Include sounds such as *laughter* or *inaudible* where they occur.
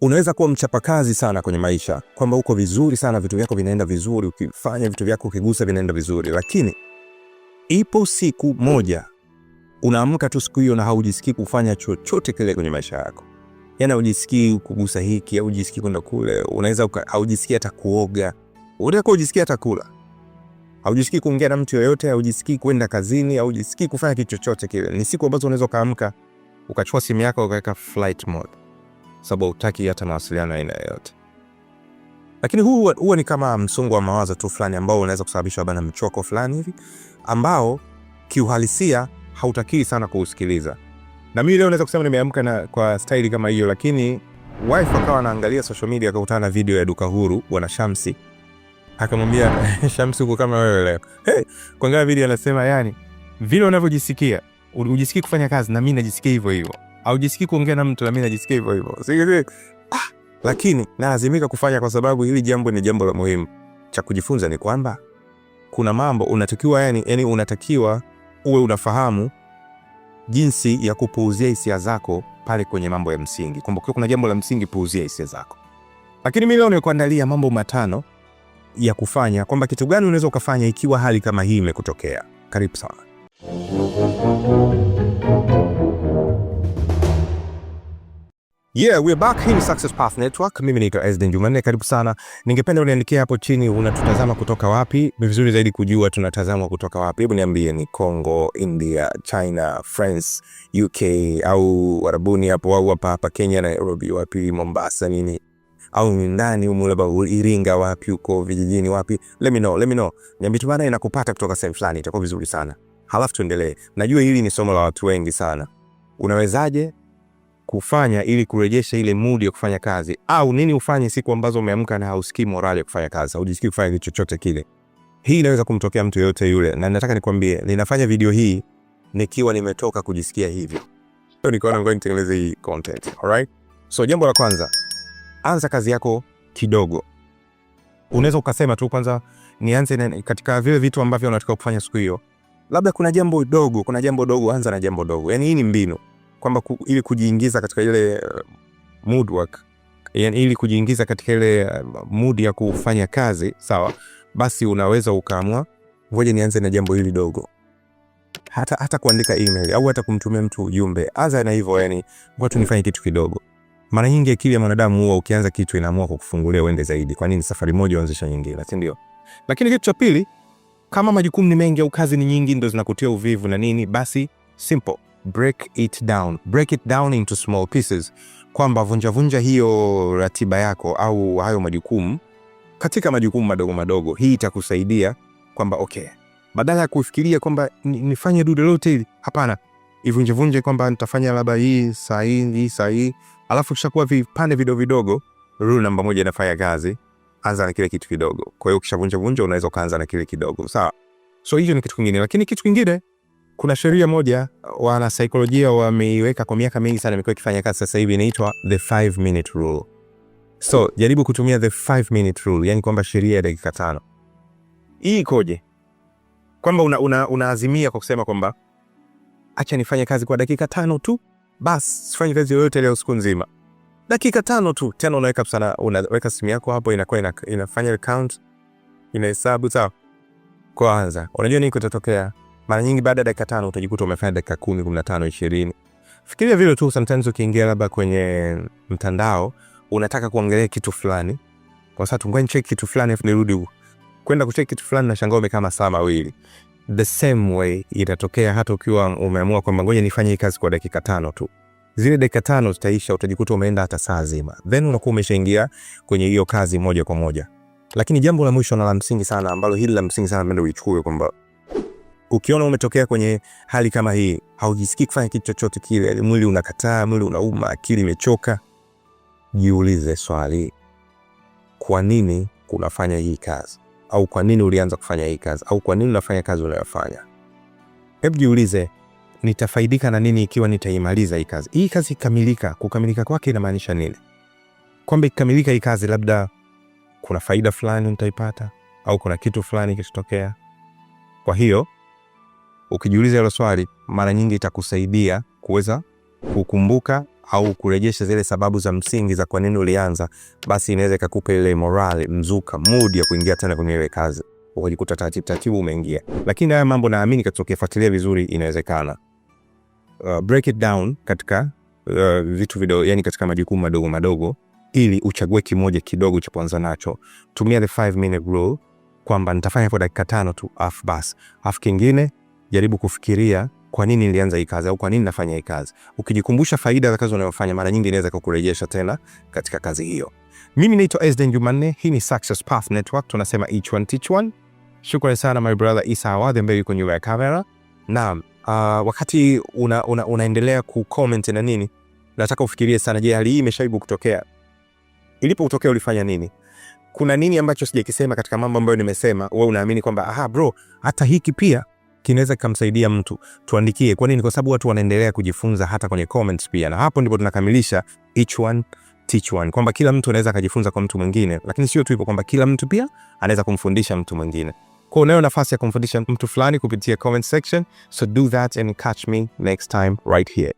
Unaweza kuwa mchapakazi sana kwenye maisha, kwamba uko vizuri sana, vitu vyako vinaenda vizuri, ukifanya vitu vyako, ukigusa vinaenda vizuri, lakini ipo siku moja unaamka tu siku hiyo na haujisikii kufanya chochote kile kwenye maisha yako, yani haujisikii kugusa hiki, haujisikii kwenda kule, unaweza haujisikii hata kuoga, unaweza ujisikii hata kula, haujisikii kuongea na mtu yoyote, haujisikii kwenda kazini, haujisikii kufanya kitu chochote kile. Ni siku ambazo unaweza ukaamka ukachukua simu yako ukaweka flight mode sababu hutaki hata mawasiliano aina yoyote. Lakini huu huwa ni kama msongo wa mawazo tu fulani ambao unaweza kusababisha bana mchoko fulani hivi ambao kiuhalisia hautakii sana kuusikiliza. Na mimi leo naweza kusema nimeamka na kwa staili kama hiyo, lakini wife akawa anaangalia social media akakutana na video ya duka huru bwana Shamsi akamwambia *laughs* Shamsi, uko kama wewe leo. Hey, kuangalia video anasema yani vile unavyojisikia ujisikii kufanya kazi na mimi najisikia hivyo hivyo haujisikii kuongea na mtu, na mimi najisikia hivyo hivyo, ah, lakini nalazimika kufanya kwa sababu hili jambo ni jambo la muhimu. Cha kujifunza ni kwamba kuna mambo unatakiwa yani, yani unatakiwa uwe unafahamu jinsi ya kupuuzia hisia zako pale kwenye mambo ya msingi. Kumbuka kuna jambo la msingi, puuzia hisia zako. Lakini mimi leo nimekuandalia mambo matano ya kufanya, kwamba kitu gani unaweza ukafanya ikiwa hali kama hii imekutokea. Karibu sana. Yeah, we're back. Hii ni Success Path Network. Mimi naitwa Ezden Jumanne, karibu sana. Ningependa uniandikie hapo chini unatutazama kutoka wapi? Ni vizuri zaidi kujua tunatazama kutoka wapi. Hebu niambie ni Congo, India, China, France, UK au Warabuni hapo au hapa hapa Kenya Nairobi wapi, Mombasa nini? Au ni ndani huko labda Iringa wapi huko vijijini wapi? Let me know, let me know. Niambie tu bana inakupata kutoka sehemu fulani itakuwa vizuri sana. Halafu tuendelee. Najua hili ni somo la watu wengi sana. Unawezaje kufanya ili kurejesha ile mood ya kufanya kazi, au nini ufanye siku ambazo umeamka na hausikii morale ya kufanya kazi, haujisikii kufanya kitu chochote kile. Hii inaweza kumtokea mtu yeyote yule, na nataka nikwambie, ninafanya video hii nikiwa nimetoka kujisikia hivyo, so nikaona ngoja nitengeneze hii content. All right, so jambo la kwanza, anza kazi yako kidogo. Unaweza ukasema tu kwanza nianze katika vile vitu ambavyo unataka kufanya siku hiyo, labda kuna jambo dogo, kuna jambo dogo, anza na jambo dogo. Yani hii ni mbinu kwamba ku, ili kujiingiza katika ile uh, mood work, yani ili kujiingiza katika ile uh, mood ya kufanya kazi sawa, basi unaweza ukaamua ngoja nianze na jambo hili dogo, hata hata kuandika email au hata kumtumia mtu ujumbe, aza na hivyo, yani ngoja tu nifanye kitu kidogo. Mara nyingi akili ya mwanadamu huwa ukianza kitu inaamua kukufungulia uende zaidi. Kwa nini? Safari moja uanzisha nyingine, si ndio? Lakini kitu cha pili, kama majukumu ni mengi au kazi ni nyingi, ndo zinakutia uvivu na nini, basi simple break it down, break it down into small pieces, kwamba vunja vunja hiyo ratiba yako au hayo majukumu katika majukumu madogo madogo. Hii itakusaidia kwamba okay, badala ya kufikiria kwamba nifanye dude lote hili, hapana, ivunjevunje kwamba nitafanya labda hii saa hii hii saa hii, alafu kishakuwa vipande vidogo vidogo. Rule namba moja inafanya kazi, anza na kile kitu kidogo. Kwa hiyo ukishavunjavunja, unaweza ukaanza na kile kidogo, sawa. So hiyo ni kitu kingine, lakini kitu kingine kuna sheria moja wanasaikolojia wameiweka kwa miaka mingi sana, imekuwa ikifanya kazi sasa hivi, inaitwa the 5 minute rule. So jaribu kutumia the 5 minute rule, yani kwamba sheria ya dakika tano. Hii ikoje? Kwamba unaazimia una una kwa kusema kwamba acha nifanye kazi kwa dakika tano tu, basi sifanye kazi yoyote leo siku nzima, dakika tano tu. Tena unaweka sana, unaweka simu yako hapo, inakuwa ina, inafanya count, inahesabu sawa. Kwanza unajua nini kitatokea? mara nyingi baada ya dakika tano utajikuta umefanya dakika kumi, kumi na tano, ishirini. Fikiria vile tu sometimes ukiingia labda kwenye mtandao unataka kuangalia kitu fulani, kwa sababu tungoje nicheki kitu fulani afu nirudi kwenda kucheki kitu fulani, na umekaa masaa mawili. The same way itatokea hata ukiwa umeamua kwamba ngoja nifanye hii kazi kwa dakika tano tu, zile dakika tano zitaisha, utajikuta umeenda hata saa zima, then unakuwa umeshaingia kwenye hiyo kazi moja kwa moja. Lakini jambo la mwisho na la msingi sana ambalo hili la msingi sana napenda uichukue kwamba ukiona umetokea kwenye hali kama hii, haujisikii kufanya kitu chochote kile, mwili unakataa, mwili unauma, akili imechoka, jiulize swali, kwa nini unafanya hii kazi? Au kwa nini ulianza kufanya hii kazi? Au kwa nini unafanya kazi unayofanya? Hebu jiulize, nitafaidika na nini ikiwa nitaimaliza hii kazi? Hii kazi ikamilika, kukamilika kwake inamaanisha nini? Kwamba ikikamilika hii kazi, labda kuna faida fulani nitaipata, au kuna kitu fulani kitatokea. Kwa hiyo ukijiuliza hilo swali, mara nyingi itakusaidia kuweza kukumbuka au kurejesha zile sababu za msingi za kwa nini ulianza, basi inaweza ikakupa ile morale, mzuka, mood ya kuingia tena kwenye ile kazi, ukajikuta taratibu taratibu umeingia. Lakini haya mambo naamini katika ukifuatilia vizuri inawezekana. Uh, break it down katika uh, vitu vidogo, yani katika majukumu madogo madogo, ili uchague kimoja kidogo cha kuanza nacho. Tumia the 5 minute rule kwamba nitafanya kwa dakika tano tu, afu basi afu kingine jaribu kufikiria kwa nini nilianza hii kazi au kwa nini nafanya hii kazi. Ukijikumbusha faida za kazi unayofanya, mara nyingi inaweza kukurejesha tena katika kazi hiyo. Mimi naitwa Ezden Jumanne, hii ni Success Path Network, tunasema each one teach one. Shukrani sana my brother Isa Awadhi ambaye yuko nyuma ya kamera. Naam, uh, wakati una, una, unaendelea kucomment na nini, nataka ufikirie sana. Je, hali hii imeshaibu kutokea? Ilipo kutokea ulifanya nini? Kuna nini ambacho sijakisema katika mambo ambayo nimesema? Wewe unaamini kwamba aha, bro, hata hiki pia kinaweza kikamsaidia mtu, tuandikie kwa nini, kwa sababu watu wanaendelea kujifunza hata kwenye comments pia. Na hapo ndipo tunakamilisha each one teach one, kwamba kila mtu anaweza akajifunza kwa mtu mwingine, lakini sio tu hivyo, kwamba kila mtu pia anaweza kumfundisha mtu mwingine. Kwa unayo nafasi ya kumfundisha mtu fulani kupitia comment section, so do that and catch me next time right here.